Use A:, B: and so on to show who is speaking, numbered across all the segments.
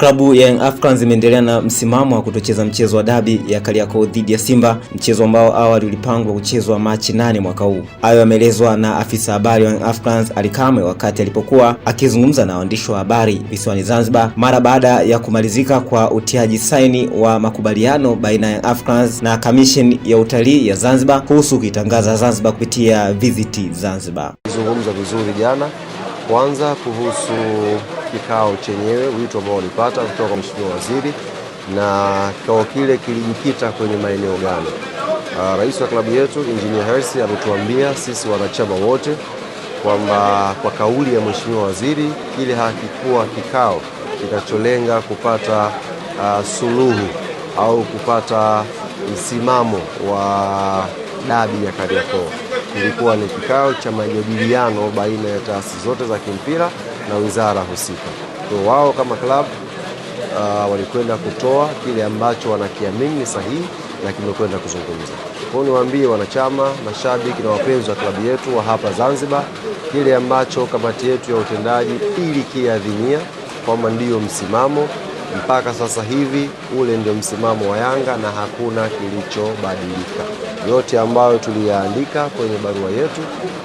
A: Klabu ya Young Africans imeendelea na msimamo wa kutocheza mchezo wa dabi ya Kariakoo dhidi ya Simba, mchezo ambao awali ulipangwa kuchezwa Machi nane mwaka huu. Hayo yameelezwa na afisa habari wa Young Africans Ally Kamwe wakati alipokuwa akizungumza na waandishi wa habari visiwani Zanzibar mara baada ya kumalizika kwa utiaji saini wa makubaliano baina ya Young Africans na kamisheni ya utalii ya Zanzibar kuhusu kuitangaza Zanzibar kupitia Visit Zanzibar.
B: Zungumza vizuri jana, kwanza kuhusu kikao chenyewe, wito ambao walipata kutoka kwa mheshimiwa waziri, na kikao kile kilijikita kwenye maeneo gani? Uh, rais wa klabu yetu Engineer Hersi ametuambia sisi wanachama wote kwamba kwa kauli ya mheshimiwa waziri, kile hakikuwa kikao kinacholenga kupata uh, suluhu au kupata msimamo wa dabi ya Kariakoo. Kilikuwa ni kikao cha majadiliano baina ya taasisi zote za kimpira na wizara husika. Kwa wao kama klabu uh, walikwenda kutoa kile ambacho wanakiamini sahihi na kimekwenda kuzungumza. Kwa hiyo niwaambie wanachama, mashabiki na wapenzi wa klabu yetu wa hapa Zanzibar, kile ambacho kamati yetu ya utendaji ilikiadhimia kwamba ndiyo msimamo mpaka sasa hivi, ule ndio msimamo wa Yanga na hakuna kilichobadilika yote ambayo tuliyaandika kwenye barua yetu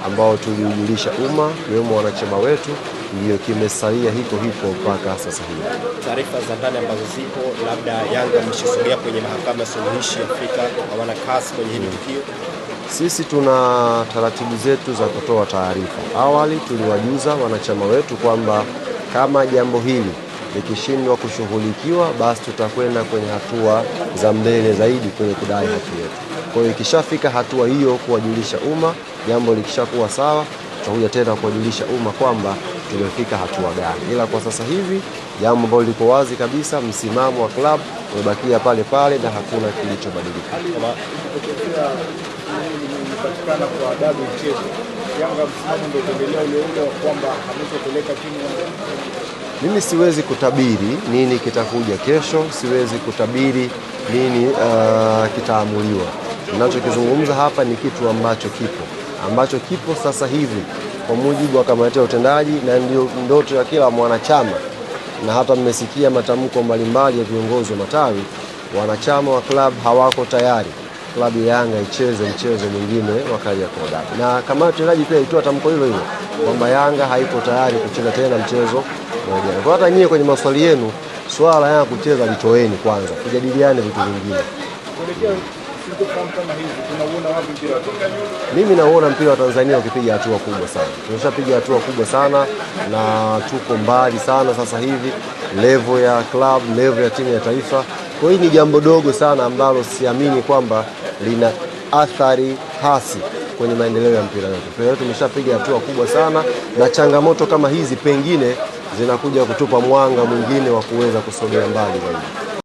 B: ambayo tuliujulisha umma ikiwemo wanachama wetu ndiyo kimesalia hiko hiko mpaka sasa hivi.
C: Taarifa za ndani ambazo zipo, labda Yanga ameshasogea kwenye mahakama ya suluhishi Afrika, hawana kasi kwenye hili tukio.
B: Sisi tuna taratibu zetu za kutoa taarifa. Awali tuliwajuza wanachama wetu kwamba kama jambo hili likishindwa kushughulikiwa, basi tutakwenda kwenye hatua za mbele zaidi kwenye kudai haki yetu. Kwa hiyo ikishafika hatua hiyo kuwajulisha umma, jambo likishakuwa sawa, tutakuja tena kuwajulisha umma kwamba tumefika hatua gani, ila kwa sasa hivi jambo ambalo liko wazi kabisa, msimamo wa klabu umebakia pale pale na hakuna kilichobadilika.
C: Mimi siwezi kutabiri nini kitakuja kesho, siwezi kutabiri nini uh, kitaamuliwa Ninachokizungumza hapa ni kitu ambacho kipo ambacho kipo sasa hivi kwa mujibu wa kamati ya utendaji, na ndio ndoto ya kila mwanachama, na hata mmesikia matamko mbalimbali ya viongozi wa matawi. Wanachama wa klabu hawako tayari klabu ya Yanga icheze mchezo mwingine wa Kariakoo Derby, na kamati ya utendaji pia ilitoa tamko hilo hilo kwamba Yanga haipo tayari kucheza tena mchezo mwingine. Kwa hata nyie kwenye maswali yenu, swala la Yanga kucheza litoeni kwanza, kujadiliane vitu vingine.
B: Mimi nauona mpira wa Tanzania ukipiga hatua kubwa sana. Tumeshapiga hatua kubwa sana na tuko mbali sana sasa hivi, levo ya club, levo ya timu ya taifa. Kwa hiyo ni jambo dogo sana ambalo siamini kwamba lina athari hasi kwenye maendeleo ya mpira wetu. Mpira wetu umeshapiga hatua kubwa sana, na changamoto kama hizi pengine zinakuja kutupa mwanga mwingine wa kuweza kusogea mbali zaidi.